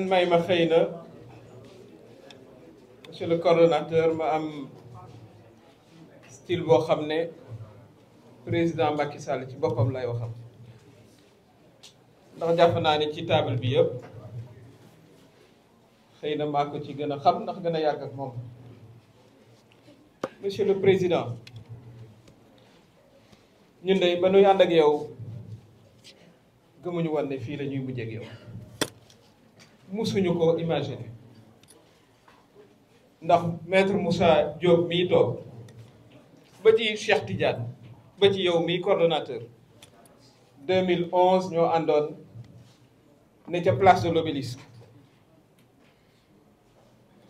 ngeen may ma xëy na monsieur le coordonnateur ma am style boo xam ne président Macky Sall ci boppam lay waxam ndax jàpp naa ne ci taabal bi yëpp xëy na maa ko ci gën a xam ndax gën a yàgg ak moom monsieur le président ñun de ba nuy ànd ak yow gëmuñu woon ne fii la ñuy mujjee ak yow musuñu ko imaginer ndax maître Moussa Diop mii toog ba ci Cheikh Tidiane bëj ci yow mii coordonnateur 2011 ñoo àndoon ne ca place de l'obélisque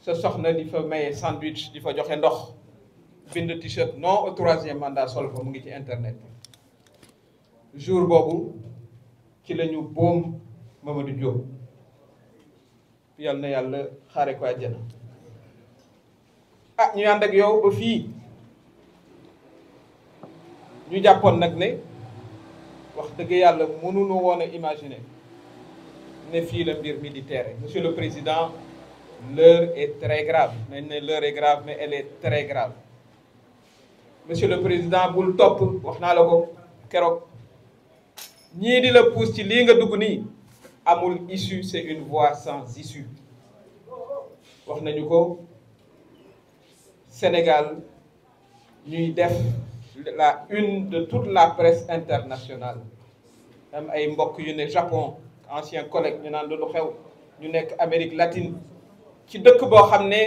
sa soxna di fa maye sandwich di fa joxe ndox bind t-shirt non au troisième mandat sol fa mu ngi ci internet jour boobu ci lañu ñu boom Mamadou Diop yal na yàlla xaare ko àjjana ah ñu ànd yow ba fii ñu jàppoon nag ne wax dëgg yàlla mënuñu woon a imaginer ne fii la mbir militaire monsieur le président l'heure est très grave nañ ne l'heure est grave mais elle est très grave monsieur le président bul topp wax naa la ko keroog ñii di la pousse ci lii nga dugg nii amul issue c'est une voie sans issue wax nañu ko Sénégal ñuy def la une de toute la presse internationale ay mbokk yu ne Japon ancien collègue ñu naan lu xew ñu nekk Amérique latine ci dëkk boo xam ne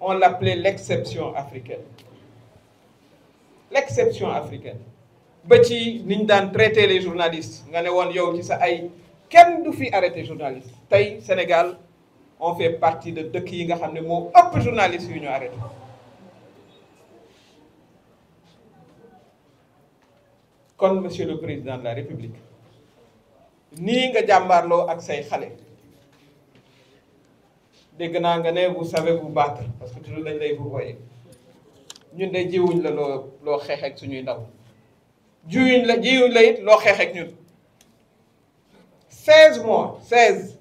on l'appelait l'exception africaine l'exception africaine ba ci niñ daan traiter les journalistes nga ne woon yow ci sax ay kenn du fi arrêté journaliste tey Sénégal on fait partie de dëkk yi nga xam ne moo ëpp journaliste yu ñu arrêté kon monsieur le président de la république nii nga jàmbaarloo ak say xale dégg naa nga ne vous savez vous battre parce que toujours dañ lay vouvoyer ñun de jiwuñ la loo loo xeex suñuy ndaw jiwuñ la jiwuñ la loo xeex ak ñun seize mois seize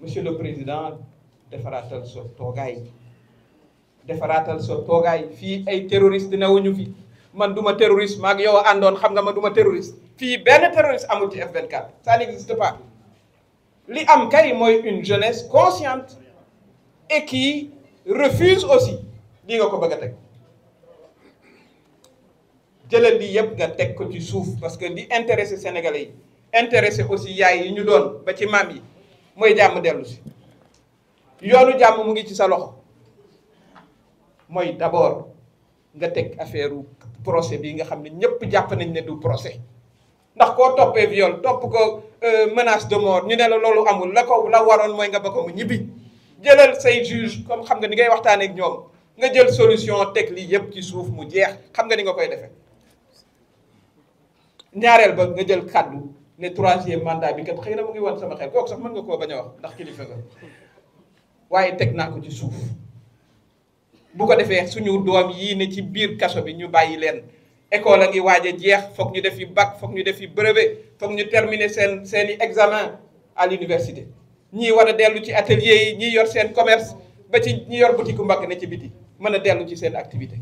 monsieur le président defaraatal sa toogaay defaraatal sa toogaay fii ay terroriste newuñu fi man duma terroriste maag yow a àndoon xam nga ma duma terroriste fii benn terroriste amul ci F24 sa n'existe pas li am kay mooy une jeunesse consciente et qui refuse aussi li nga ko bëgg a teg jëlal di yëpp nga teg ko ci suuf parce que di intéressé Sénégalais yi intéressé aussi yaay yi ñu doon ba ci maam yi mooy jàmm dellu si yoonu jàmm mu ngi ci sa loxo mooy d'abord nga teg affaire procès bii nga xam ne ñëpp jàpp nañ ne du procès ndax koo toppee yoon topp ko euh, menace de mort ñu ne la loolu amul la ko la waroon mooy nga ba ko mu ñibbi jëlal say juge comme xam nga ni ngay waxtaanee ak ñoom nga jël solution teg lii yëpp ci suuf mu jeex xam nga ni nga koy defee. ñaareel ba nga jël kàddu ne troisième mandat bi kat xëy na mu ngi wan sama xel kooku sax mën nga koo bañ a wax ndax kilifa waaye teg naa ko ci suuf bu ko defee suñu doom yii ne ci biir kaso bi ñu bàyyi leen école a ngi waaj jeex foog ñu def yi bac foog ñu def yi brevet foog ñu terminer seen seen i examen à l'université ñii war a dellu ci atelier yi ñii yor seen commerce ba ci ñi yor boutique mbagg ne ci biti mën a dellu ci seen activité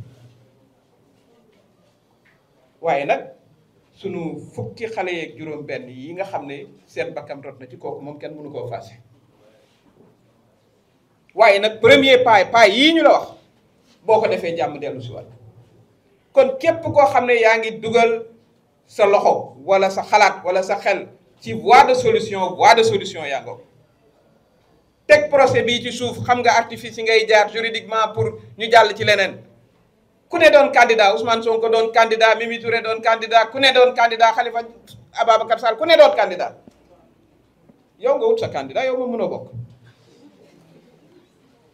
waaye na sunu fukki xale yeeg juróom-benn yi nga xam ne seen bakkan rot na ci kooku moom kenn mënu koo fàtte waaye nag premier pas pas yii ñu la wax boo ko defee jàmm dellu si waat kon képp koo xam ne yaa ngi dugal sa loxo wala sa xalaat wala sa xel ci voie de solution voie de solution yaa ngoo teg procès bii ci suuf xam nga artifice yi ngay jaar juridiquement pour ñu jàll ci leneen. ku ne doon candidat Ousmane Sonko doon candidat Mimi Touré doon candidat ku ne doon candidat Khalifa Ababacar Sall ku ne doon candidat yow nga wut sa candidat yow moom mënoo bokk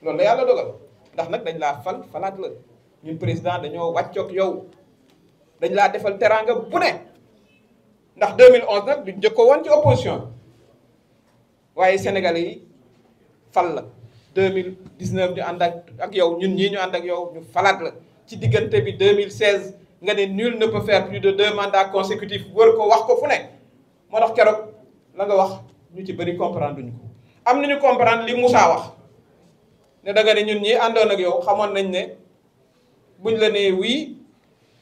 loolu la yàlla dogal ndax nag dañ laa fal falaat la ñun président dañoo wàccoog yow dañ laa defal teraanga bu ne ndax mille 2011 nag du njëkkoo woon ci opposition waaye sénégalais yi fal la 2019 ñu ànd ak ak yow ñun ñii ñu ànd ak yow ñu falaat la ci diggante bi mille 2016 nga ne nul ne peut faire plus de deux mandats consécutifs wër ko wax ko fu ne moo tax keroog la nga wax ñu ci bëri comprendre ñu ko am nañu comprendre li Moussa wax ne da nga ne ñun ñi àndoon ak yow xamoon nañ ne buñ la ne wii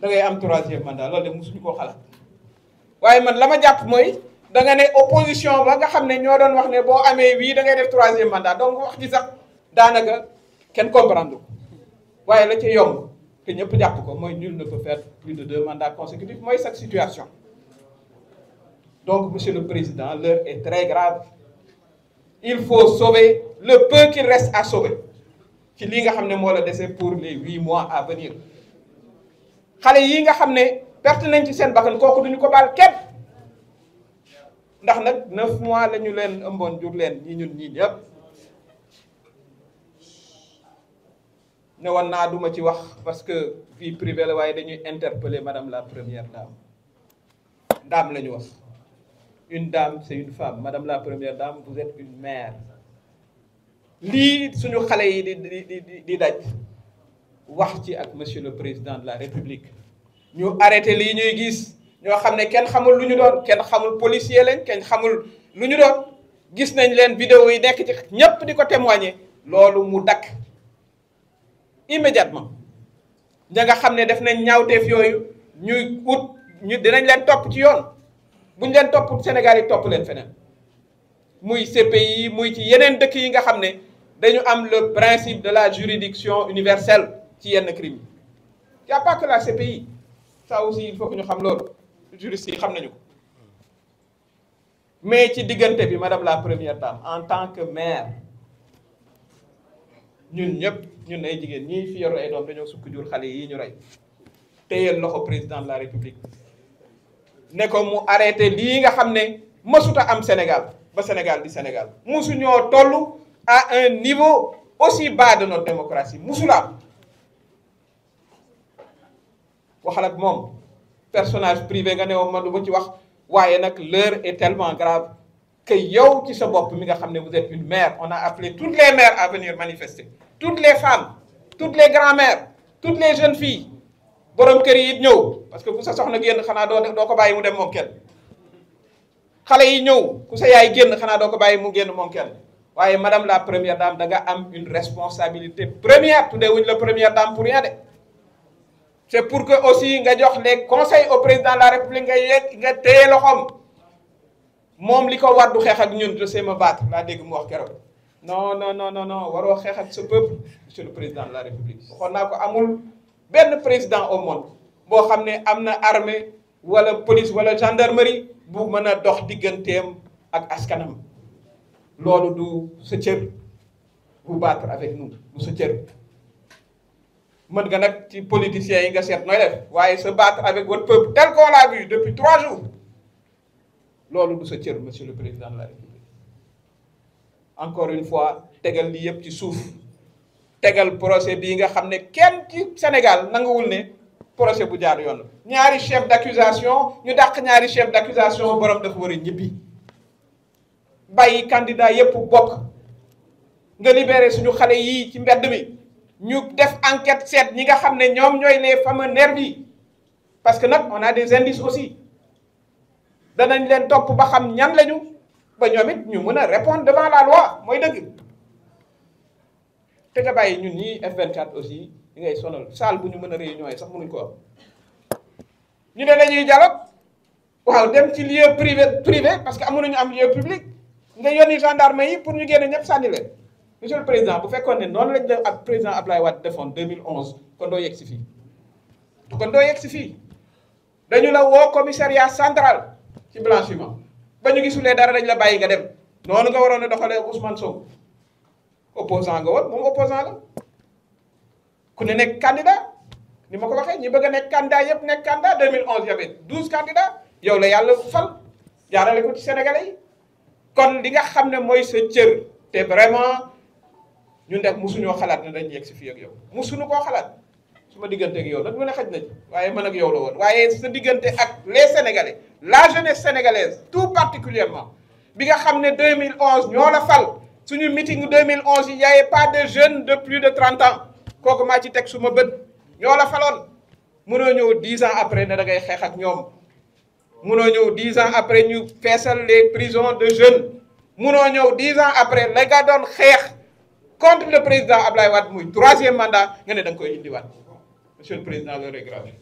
da ngay am troisième mandat loolu de mosuñu koo xalaat waaye man la ma jàpp mooy da nga ne opposition ba nga xam ne ñoo doon wax ne boo amee wii da ngay def troisième mandat donc wax ji sax daanaka kenn comprendre waaye la ca yomb que ñëpp jàpp ko mooy nul ne peut faire plus de deux mandats consécutifs mooy cette situation donc monsieur le président l'heure est très grave il faut sauver le peu qu'il reste à sauver ci li nga xam ne moo la dese pour les huit mois à venir xale yi nga xam ne perte nañ ci seen bakkan kooku duñu ko baal képp ndax nag neuf mois la ñu leen ëmboon jur leen ñi ñun ñii ñëpp ne woon naa duma ci wax parce que fii privée la waaye dañuy interpeller madame la première dame dame lañu ñu wax une dame c'est une femme madame la première dame vous êtes une mère lii suñu xale yi di di di di daj wax ci ak monsieur le président de la république ñu arrêté li ñuy gis ñoo xam ne kenn xamul lu ñu doon kenn xamul policier lañ kenn xamul lu ñu doon gis nañ leen vidéo yi nekk ci ñépp di ko témoigner loolu mu dakk immédiatement ña nga xam ne def nañ ñaawteef yooyu ñuy ut ñu dinañ leen topp ci yoon buñ leen topp Sénégal yi topp leen feneen muy CPI muy ci yeneen dëkk yi nga xam ne dañu am le principe de la juridiction universelle ci yenn crime yi y a pas que la CPI aussi il faut ñu xam loolu juriste yi xam nañu ko mais ci diggante bi madame la première dame en tant que maire ñun ñëpp ñun ay jigéen ñii fi yor ay doom dañoo sukk jur xale yi ñu rey téyeel loxo président de la république ne ko mu arrêté lii nga xam ne mësuta am Sénégal ba Sénégal di Sénégal musu ñoo toll à un niveau aussi bas de notre démocratie musulaam waxal ak moom personnage privé nga ne woon ma du ma ci wax waaye nag leur est tellement grave que yow ci sa bopp mi nga xam ne vous êtes une mère on a appelé toutes les mères à venir manifester toutes les femmes toutes les grand-mères toutes les jeunes filles borom kër yi ñëw parce que ku sa soxna génn xanaa doo doo ko bàyyi mu dem moom kenn xale yi ñëw ku sa yaay génn xanaa doo ko bàyyi mu génn moom kenn waaye madame la première dame da nga am une responsabilité première tuddee wuñ la première dame pour rien de c'est pour que aussi nga jox les conseils au président de la nga yegg nga téye moom li ko war du xeex ñun je sais me laa dégg mu wax keroog non non non non non waroo xeex ak sa peuple monsieur le président de la république waxoon naa ko amul benn président au monde boo xam ne am na armée wala police wala gendarmerie bu mën a dox digganteem ak askanam loolu du sa cër bu battre avec nous du sa cër mën nga nag ci politiciens yi nga seet nooy def waaye sa battre avec votre peuple tel qu'on l'a vu depuis trois jours loolu du sa cër monsieur le président de la république encore une fois tegal li yëpp ci suuf tegal procès bii nga xam ne kenn ci Sénégal nanguwul ne procès bu jaar yoon ñaari chef d'accusation ñu dàq ñaari chef d'accusation borom dafa war a ñibbi bàyyi candidat yëpp bokk nga libéré suñu xale yi ci mbedd mi ñu def enquête seet ñi nga xam ne ñoom ñooy les fameux nervis yi parce que nag moo naa des indices aussi danañ leen topp ba xam ñan lañu ba ñoom it ñu mën a répondre devant la loi mooy dëgg te nga bàyyi ñun ñii F24 aussi di ngay sonal salle bu ñu mën a réunion yi sax mënuñ ko ñu ne dañuy dialogue waaw dem ci lieu privé privé parce que amuñu am lieu public nga yónni gendarme yi pour ñu génne ñëpp sànni leen monsieur le président bu fekkoon ne noonu lañ def ak président Ablaye Wade defoon 2011 kon doo yegg fii kon doo yegg si fii dañu la woo commissariat ci blanchiment ba ñu gisulee dara dañ la bàyyi nga dem noonu nga waroon a doxalee Ousmane Sonko opposant nga woon moom opposant la ku ne nekk candidat ni ma ko waxee ñi bëgg a nekk candidat yëpp nekk candidat 2011 y avait 12 candidats yow la yàlla fal jaarale ko ci sénégalais yi kon li nga xam ne mooy sa cër te vraiment ñun def musuñoo xalaat ne dañ yegg si fii ak yow musuñu koo xalaat ma diggante ak yow nag lu ne xaj na ci waaye man ak yow la woon waaye sa diggante ak les sénégalais la jeunesse sénégalaise tout particulièrement bi nga xam ne 2011 ñoo la fal suñu meeting 2011 yi y'avait pas de jeune de plus de 30 ans kooku maa ci teg suma bët ñoo la faloon mënoo ñëw 10 ans après na da ngay xeex ak ñoom mënoo ñëw 10 ans après ñu feesal les prisons de jeunes mënoo ñëw dix ans après la nga doon xeex contre le président Ablaye Wade muy troisième mandat nga ne da koy indiwaat. Monsieur le Président le regrette.